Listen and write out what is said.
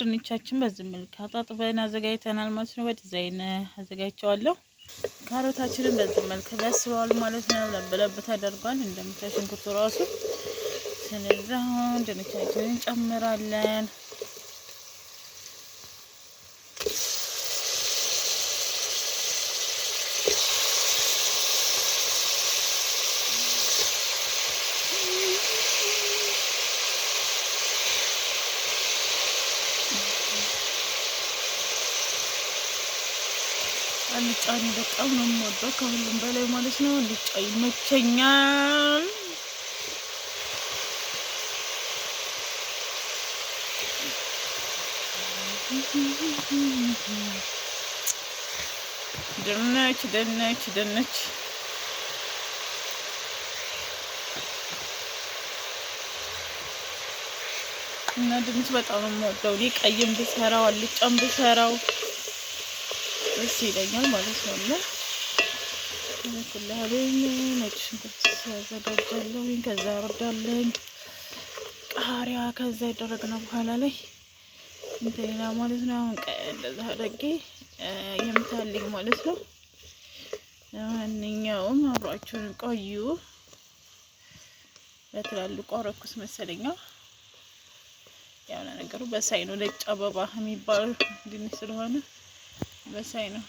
ድንቻችን በዚህ መልክ አጣጥበን አዘጋጅተናል ማለት ነው። በዲዛይን አዘጋጅቸዋለሁ። ካሮታችንን በዚህ መልክ በስለዋል ማለት ነው። ለበለብ ተደርጓል እንደምታይ ሽንኩርቱ ራሱ። ስለዚህ አሁን ድንቻችንን እንጨምራለን። አልጫኔ በጣም ነው የምወደው ከሁሉም በላይ ማለት ነው። አልጫ ይመቸኛል። ድንች ድንች ድንች እና ድንች በጣም ነው የምወደው እኔ ቀይም ብሰራው አልጫም ብሰራው ደስ ይለኛል ማለት ነው። እና ተበኩላለኝ ነጭ ሽንኩርት ያዘጋጃለሁኝ። ከዛ ወርዳለኝ ቃሪያ ከዛ ያደረግነው በኋላ ላይ እንትና ማለት ነው። አሁን እንደዛ አድርጌ የምታልኝ ማለት ነው። ማንኛውም አብሯችሁን ቆዩ። በትላልቁ አረኩስ መሰለኛ ያው ነገሩ በሳይኖ ነጭ አበባ የሚባለው ድንች ስለሆነ the same.